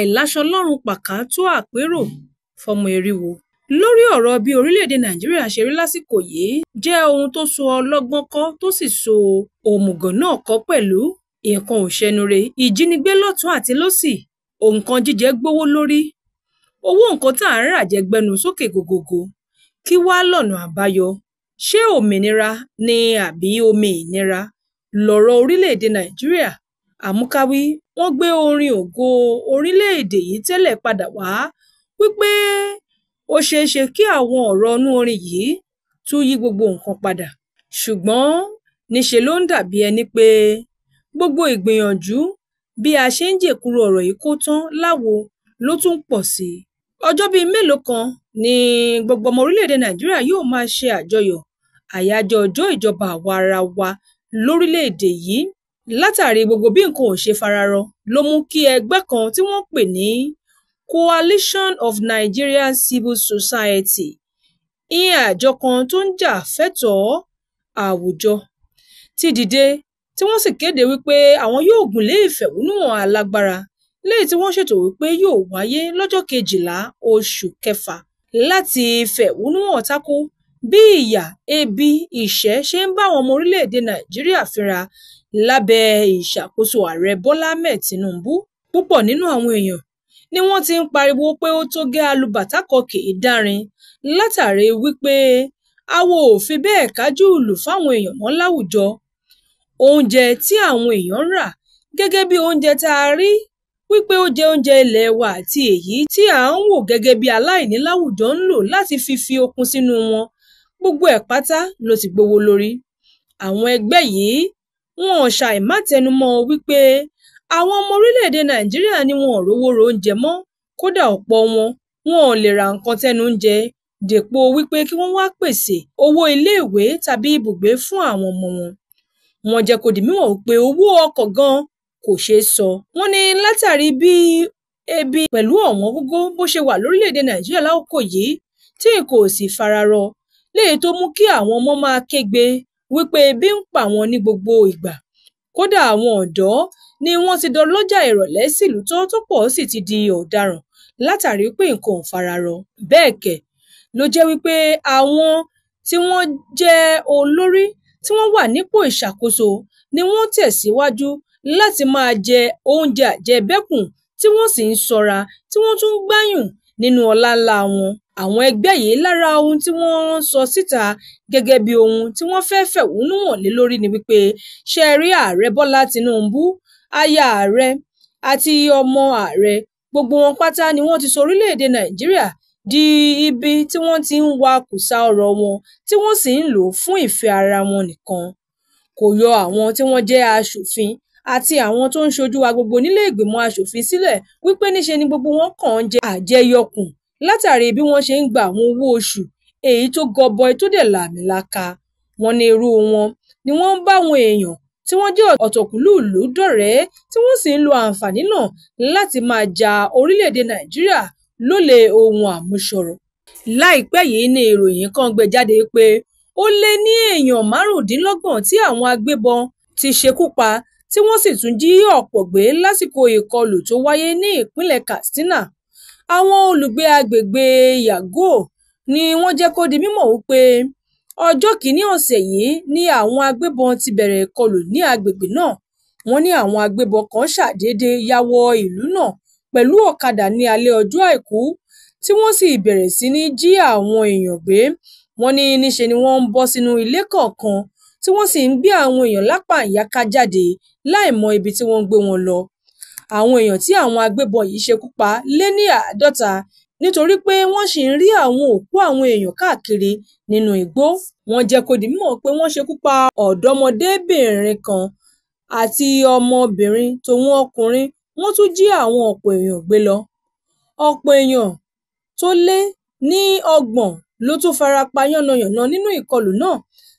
àìláṣọlọ́run pàkátó àpérò fọ́mọ eriwo lórí ọ̀rọ̀ bí orílẹ̀-èdè Nàìjíríà ṣe rí lásìkò yìí jẹ́ ohun tó so ọlọ́gbọ́n kọ́ tó sì so òmùgọ̀ náà kọ́ pẹ̀lú nǹkan ò ṣẹnure ìjínigbé lọ́tún àti lósì òǹkan jíjẹ gbówó lórí owó nǹkan tá à ń rà jẹ gbẹnu sókè gògògò kí wá lọ̀nà àbáyọ ṣé òmìnira ni àbí omi ìnira lọ̀rọ̀ orílẹ̀-èdè Nàìjíríà àmúkáwí wọ́n gbé orin ògo orílẹ̀-èdè yìí tẹ́lẹ̀ padà wá wípé ó ṣeéṣe kí àwọn ọ̀rọ̀ inú orin yìí tún yí gbogbo nǹkan padà. Ṣùgbọ́n níṣe ló ń dàbí ẹni pé gbogbo ìgbìyànjú bí a ṣe ń jèkuru ọ̀rọ̀ yìí kó tán láwo ló tún pọ̀ sí i. Ọjọ́ bíi mélòó kan ni gbogbo ọmọ orílẹ̀-èdè Nàìjíríà yóò máa ṣe àjọyọ̀ àyájọ́ ọjọ́ ìjọba àwa arawa lórílẹ̀-èdè yìí. Látàrí gbogbo bí nǹkan ò ṣe fararọ ló mú kí ẹgbẹ́ kan tí wọ́n pè ní Coalition of Nigerian Civil Society (ìyẹn àjọ kan tó ń jà fẹ́tọ̀ọ́ àwùjọ) ti dìde tí wọ́n sì kéde wípé àwọn yóò gùnlé ìfẹ̀hónúhàn alágbára eléyìí tí wọ́n ṣètò wípé yóò wáyé lọ́jọ́ 12 oṣù kẹfà láti fẹ̀hónúhàn tako bí ìyà, ebi, ìṣẹ́ ṣe ń bá àwọn ọmọ orílẹ̀-èdè Nàìjíríà fínra lábẹ́ ìṣàkóso Ààrẹ Bọ́lá Ahmed Tinubu, púpọ̀ nínú àwọn èèyàn ni wọ́n ti ń pariwo pé ó tó gẹ́ alùbàtà kan kì í dárin látàrí wípé àwa ò fi bẹ́ẹ̀ kájúùlù fáwọn èèyàn mọ́ láwùjọ. Oúnjẹ tí àwọn èèyàn ń rà gẹ́gẹ́ bí oúnjẹ tá a rí wípé ó jẹ́ oúnjẹ ilẹ̀ wa àti èyí tí à ń wò gẹ́gẹ́ bí aláìní láwùjọ ń lò láti fi fi okun sínú wọn gbogbo ẹ̀ pátá ló ti gbowó lórí àwọn ẹgbẹ́ yìí wọn ò ṣàì má tẹnumọ́ wípé àwọn ọmọ orílẹ̀-èdè nàìjíríà ni wọn ò rówó ro oúnjẹ mọ́ kódà ọ̀pọ̀ wọn wọn ò lè ra nǹkan tẹnu ń jẹ dèpò wípé kí wọ́n wá pèsè owó iléèwé tàbí ibùgbé fún àwọn ọmọ wọn wọ́n jẹ́ kó di pé owó ọkọ̀ gan kò ṣeé sọ wọ́n ní látàrí bí ebi pẹ̀lú ọ̀wọ́n gógó bó ṣe wà lórílẹ̀-èdè nàìjíríà lákòókò yìí tí kò sì fararọ léyìí tó mú kí àwọn ọmọ máa kégbe wípé ebi ń pa àwọn ní gbogbo ìgbà. Kódà àwọn ọ̀dọ́ ni wọ́n ti dọlọ́jà ìrọ̀lẹ́ sílùú tó pọ̀ sì ti di ọ̀daràn látàrí pé nǹkan ò fararọ. Bẹ́ẹ̀ kẹ̀ ló jẹ́ wípé àwọn tí wọ́n jẹ́ olórí tí wọ́n wà nípò ìṣàkóso ni wọ́n tẹ̀síwájú láti máa jẹ oúnjẹ àjẹbẹ́kùn tí wọ́n sì ń ṣọ́ra tí wọ́n tún ń gbáyùn nínú ọlá wọn. Àwọn ẹgbẹ́ yìí lára ohun tí wọ́n ń sọ síta gẹ́gẹ́ bí ohun tí wọ́n fẹ́ fẹ̀hónú hàn lé lórí ni wípé ṣé ẹ rí Ààrẹ Bọ́lá Tinubu, aya Ààrẹ àti ọmọ Ààrẹ, gbogbo wọn pátá ni wọ́n ti sọ orílẹ̀-èdè Nàìjíríà di ibi tí wọ́n ti ń wakùsà ọ̀rọ̀ wọn tí wọ́n sì ń lò fún ìfẹ́ ara wọn nìkan. Kò yọ àwọn tí wọ́n jẹ́ aṣòfin àti àwọn tó ń ṣojú wa gbogbo nílé ìgbìmọ̀ aṣòfin sílẹ̀ wípé níṣe ni gbogbo wọn kàn ń jẹ àjẹyọkùn látàrí bí wọ́n ṣe ń gba àwọn owó oṣù èyí tó gọbọi tó dẹ̀ làmìlaka, wọ́n ní irú wọn ni wọ́n ń bá àwọn èèyàn tí wọ́n jẹ́ ọ̀tọ̀kùlúùlú dọ̀rẹ̀ẹ́ tí wọ́n sì ń lo àǹfààní náà láti máa ja orílẹ̀-èdè Nàìjíríà lólè ohun àmúṣọrọ̀. Láìpẹ́ yìí ni ìròyìn kan gbé jáde pé ó lé ní èèyàn márùndínlọ́gbọ̀n tí àwọn agbébọn ti ṣekú pa tí wọ́n sì tún jí ọ̀pọ̀ gbé lásìkò ìkọlù tó wáyé ní ìpínlẹ̀ Katsina. Àwọn olùgbé agbègbè Yau ni wọ́n jẹ́ kó di mímọ̀ wípé ọjọ́ kìíní ọ̀sẹ̀ yìí ni àwọn agbébọn ti bẹ̀rẹ̀ ìkọlù ní agbègbè náà, wọ́n ní àwọn agbébọn kan ṣàdédé ya wọ ìlú náà pẹ̀lú ọ̀kadà ní alẹ́ ọjọ́ Àìkú tí wọ́n sì bẹ̀rẹ̀ sí ní jí àwọn èèyàn gbé, wọ́n ní níṣe ni wọ́n ń bọ́ sínú ilé kọ̀ọ̀kan tí wọ́n sì ń gbé àwọn èèyàn lápá ìyáká jáde láì mọ ibi tí wọ́n ń gbé wọn lọ àwọn èèyàn tí àwọn agbébọn yìí ṣekú pa lé ní 50 nítorí pé wọ́n ṣì ń rí àwọn òkú àwọn èèyàn káàkiri nínú igbó, wọ́n jẹ́ kó di mímọ̀ pé wọ́n ṣekú pa ọ̀dọ́mọdébìnrin kan àti ọmọbìnrin tòhun ọkùnrin, wọ́n tún jí àwọn ọ̀pọ̀ èèyàn gbé lọ. Ọ̀pọ̀ èèyàn tó lé ní 30 ló tún farapa yánnayànna nínú ìkọlù náà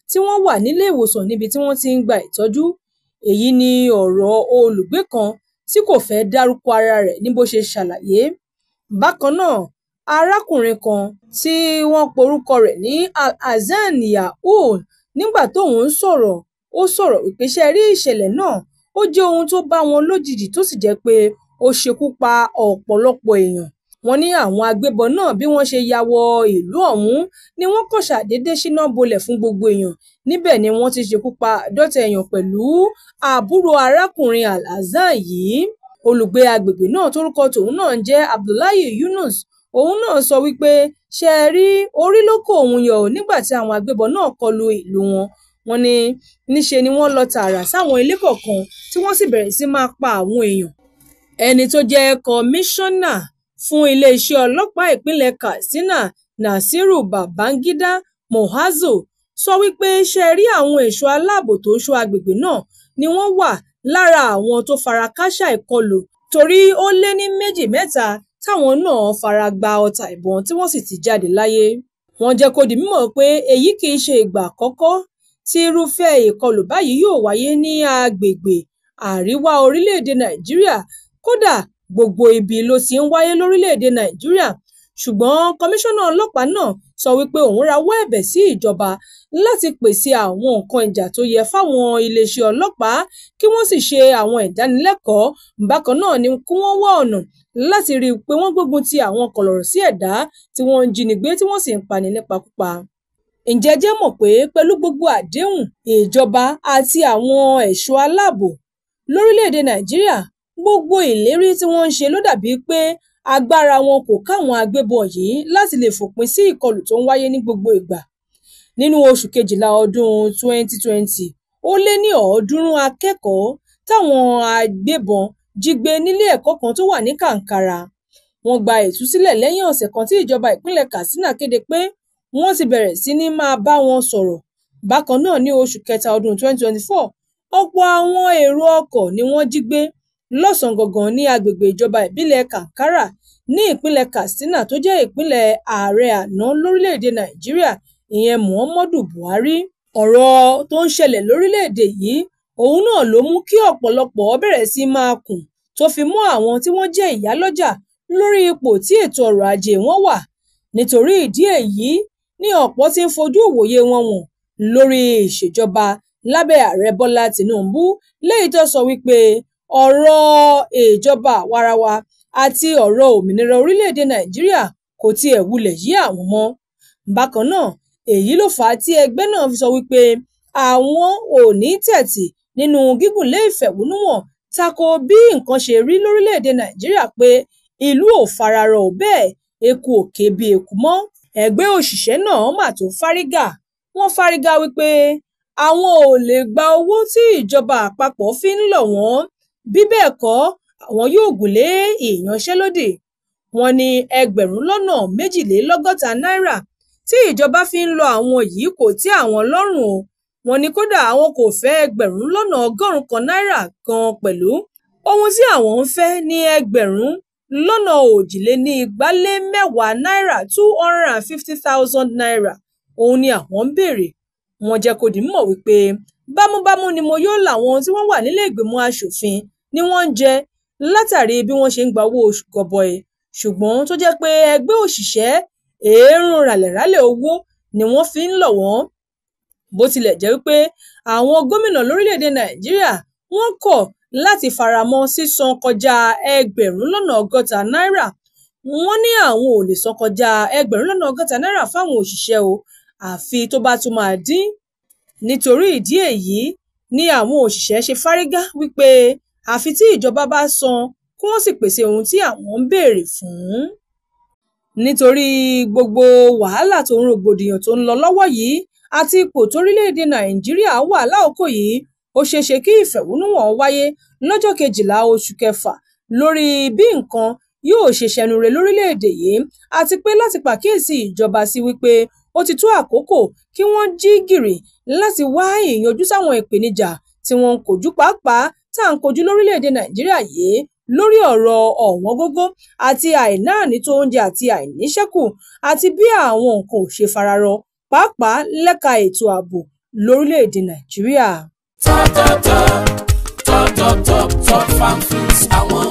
tí wọ́n wà nílé ìwòsàn níbi tí wọ́n ti ń gba ìtọ́jú. Èyí ni ọ̀rọ̀ olùgbé kan tí kò fẹ́ dárúkọ ara rẹ̀ ní bó ṣe ṣàlàyé. Bákan náà, arákùnrin kan tí wọ́n porúkọ rẹ̀ ní Hassan Yahoun nígbà tóun ń sọ̀rọ̀, ó sọ̀rọ̀ wípé ṣe rí ìṣẹ̀lẹ̀ náà ó jẹ́ ohun tó bá wọn lójijì tó sì jẹ́ pé ó ṣekú pa ọ̀pọ̀lọpọ̀ èèyàn. Wọ́n ní àwọn agbébọn náà bí wọ́n ṣe ya wọ ìlú ọ̀hún ni wọ́n kàn ṣàdédé ṣíná bolẹ̀ fún gbogbo èèyàn, níbẹ̀ ni wọ́n ti ṣekú pa àádọ́ta èèyàn pẹ̀lú àbúrò arákùnrin Al-Hassan yìí. Olùgbé agbègbè náà tórúkọ tòun náà ń jẹ́ Abdullahi Yunus, òun náà sọ wípé ṣe ẹ rí orí ló kó òun yọ nígbà tí àwọn agbébọn náà kọlu ìlú wọn. Wọ́n ní níṣe ni wọ́n lọ tààrà sáwọn ilé kọ̀ọ̀kan tí wọ́n sì bẹ̀rẹ̀ sí máa pa àwọn èèyàn. Ẹni tó jẹ́ kọmíṣánná fún iléeṣẹ́ ọlọ́pàá ìpínlẹ̀ katsina nasiru babangida muazu sọ wípé ṣe rí àwọn ẹ̀ṣọ́ aláàbò tó ń agbègbè náà ni wọ́n wà lára àwọn tó fara kááṣá ìkọlù torí ó lé ní méjì mẹ́ta táwọn náà fara gba ọta ìbọn tí wọ́n sì ti jáde láyé wọ́n jẹ́ kó di mímọ̀ pé èyí kì í ṣe ìgbà àkọ́kọ́ tí irúfẹ́ ìkọlù báyìí yóò wáyé ní agbègbè àríwá orílẹ̀-èdè nàìjíríà kódà gbogbo ibi ló ti ń wáyé lórílẹ̀-èdè Nàìjíríà, ṣùgbọ́n Kọmíṣánná Ọlọ́pàá náà sọ wípé òun rawọ́ ẹ̀bẹ̀ sí ìjọba láti pèsè àwọn nǹkan ìjà tó yẹ fáwọn iléeṣẹ́ ọlọ́pàá kí wọ́n sì ṣe àwọn ìdánilẹ́kọ̀ọ́, bákan náà ni kí wọ́n wá ọ̀nà láti ríi pé wọ́n gbógun ti àwọn kọ̀lọ̀rọ̀ sí ẹ̀dá tí wọ́n ń jínigbé tí wọ́n sì ń pani nípakúpa. Ǹjẹ́ ẹ jẹ́ mọ̀ pé pẹ̀lú gbogbo àdéhùn ìjọba àti àwọn ẹ̀ṣọ́ aláàbò lórílẹ̀-èdè Nàìjíríà, Gbogbo ìlérí tí wọ́n ń ṣe ló dàbí pé agbára wọn kò káwọn agbébọn yìí láti lè fòpin sí ìkọlù tó ń wáyé ní gbogbo ìgbà. Nínú oṣù Kejìlá ọdún 2020, ó lé ní 300 akẹ́kọ̀ọ́ táwọn agbébọn jí gbé nílé ẹ̀kọ́ kan tó wà ní Kankara. Wọ́n gba ìtúsílẹ̀ lẹ́yìn ọ̀sẹ̀ kan tí ìjọba ìpínlẹ̀ Katsina kéde pé wọ́n ti bẹ̀rẹ̀ sí ní máa bá wọn sọ̀rọ̀. Bákan náà ní oṣù kẹta ọdún 2024, ọ̀pọ̀ àwọn èrò ọkọ̀ ni wọ́n jí gbé lọ́sàn-án gangan ní agbègbè ìjọba ìbílẹ̀ Kankara ní ìpínlẹ̀ Katsina tó jẹ́ ìpínlẹ̀ ààrẹ àná lórílẹ̀-èdè Nàìjíríà ìyẹn Muhammadu Buhari. Ọ̀rọ̀ tó ń ṣẹlẹ̀ lórílẹ̀-èdè yìí òun náà ló mú kí ọ̀pọ̀lọpọ̀ bẹ̀rẹ̀ sí máa kùn tó fi mọ́ àwọn tí wọ́n jẹ́ ìyálọ́jà lórí ipò tí ètò ọrọ̀ ajé wọn wà. Nítorí ìdí èyí ni ọ̀pọ̀ ti ń fojú ìwòye wọn wọ̀n lórí ìṣèjọba lábẹ́ Ààrẹ Bọ́lá Tinubu léyìí tó sọ wípé ọ̀rọ̀ ìjọba àwarawa àti ọ̀rọ̀ òmìnira orílẹ̀-èdè Nàìjíríà kò tiẹ̀ wulẹ̀ yé àwọn mọ́. Bákan náà, èyí ló fà á tí ẹgbẹ́ náà fi sọ wípé àwọn ò ní tẹ́tí nínú gígùnlé ìfẹ̀hónúhàn tako bí nǹkan ṣe rí lórílẹ̀-èdè Nàìjíríà pé "ìlú ò fararọ ò bẹ́ẹ̀ eku ò bí eku mọ́". Ẹgbẹ́ òṣìṣẹ́ náà mà tó fárígá, wọ́n fárígá wípé àwọn ò lè gba owó tí ìjọba àpapọ̀ fi ń lọ̀ wọ́n Bí bẹ́ẹ̀ kọ́, àwọn yóò gùnlé ìyanṣẹ́lódì. Wọ́n ní ẹgbẹ̀rún lọ́nà méjìlélọ́gọ́ta náírà tí ìjọba fi ń lọ àwọn yìí kò tẹ́ àwọn lọ́rùn o, wọ́n ní kódà àwọn kò fẹ́ ẹgbẹ̀rún lọ́nà ọgọ́rùn kan náírà gan pẹ̀lú, ohun tí àwọn ń fẹ́ ni ẹgbẹ̀rún lọ́nà òjìlénígba-lé-mẹ́wàá náírà (250,000 naira) òun ni àwọn ń béèrè. Wọ́n jẹ́ kó di mímọ̀ wípé bámúbámú ni wọn yóò la àwọn tí wọ́n wà nílé ìgbìmọ̀ aṣòfin ni wọ́n ń jẹ látàrí bí wọ́n ṣe ń gba owó oṣù gọbọi, ṣùgbọ́n tó jẹ́ pé ẹgbẹ́ òṣìṣẹ́ èérún ràlẹ̀ owó ni wọ́n fi ń lọ̀ wọ́n. Bó tilẹ̀ jẹ́ wípé àwọn gómìnà lórílẹ̀-èdè Nàìjíríà wọ́n kọ̀ láti faramọ́ sísan kọjá ẹgbẹ̀rún lọ́nà ọgọ́ta náírà, wọ́n ní àwọn ò lè san kọjá ẹgbẹ̀rún lọ́nà ọgọ́ta náírà fáwọn òṣìṣẹ́ o, àfi tó bá tún máa dín. Nítorí ìdí èyí ni àwọn òṣìṣẹ́ ṣe fárígá wípé àfi tí ìjọba bá san kí wọ́n sì pèsè ohun tí àwọn ń béèrè fún. Nítorí gbogbo wàhálà tó ń rògbòdìyàn tó ń lọ lọ́wọ́ yìí àti ipò tórílẹ̀-èdè Nàìjíríà wà láòkó yìí, ó ṣeéṣe kí ìfẹ̀hónúhàn wáyé lọ́jọ́ kejìlá oṣù kẹfà lórí bí nǹkan yóò ṣe ṣẹnuure lórílẹ̀-èdè yìí àti pé láti pàkíyèsí ìjọba sí wípé ó ti tó àkókò kí wọ́n jí gìrì láti wá ìyanjú sáwọn ìpèníjà tí wọ́n ń kojú pàápàá tá à ń kojú lórílẹ̀‐èdè nàìjíríà yìí lórí ọ̀rọ̀ ọ̀wọ́n gógó àti àìláàní tó oúnjẹ àti àìníṣẹ́kù àti bí àwọn nǹkan ò ṣe fararọ pàápàá lẹ́ka ètò ààbò lórílẹ̀‐èdè nàìjíríà. tọ́tọ̀tọ̀ tọ́tọ̀tọ̀ top farm àwọn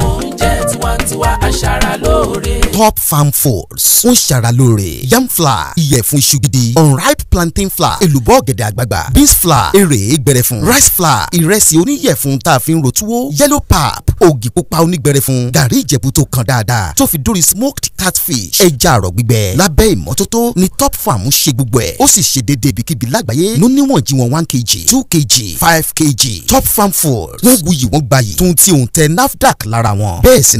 tiwantiwa aṣaralóore. top farm foods ń ṣaralóore yam flour ìyẹ̀fun iṣu gidi unripe plantain flour èlùbọ́ ọ̀gẹ̀dẹ̀ àgbagbà beans flour èrè gbẹrẹfun rice flour ìrẹsì oníyẹ̀fun tá a fi ń rotuwo yellow pap ògì pupa onígbẹrẹfun gàrí ìjẹ̀bú tó kan dáadáa tó fi dórí smoked catfish ẹja àrọ̀ gbígbẹ lábẹ́ ìmọ́tótó ni top farm ń ṣe gbogbo ẹ̀ ó sì ṣe déédéé ibikíbi lágbàáyé ló níwọ̀n jí wọn one kg two kg five kg top farm foods wọ́n wuyì wọ́n gbayì tuntun tẹ nafdac lára wọn bẹ́ẹ̀ sì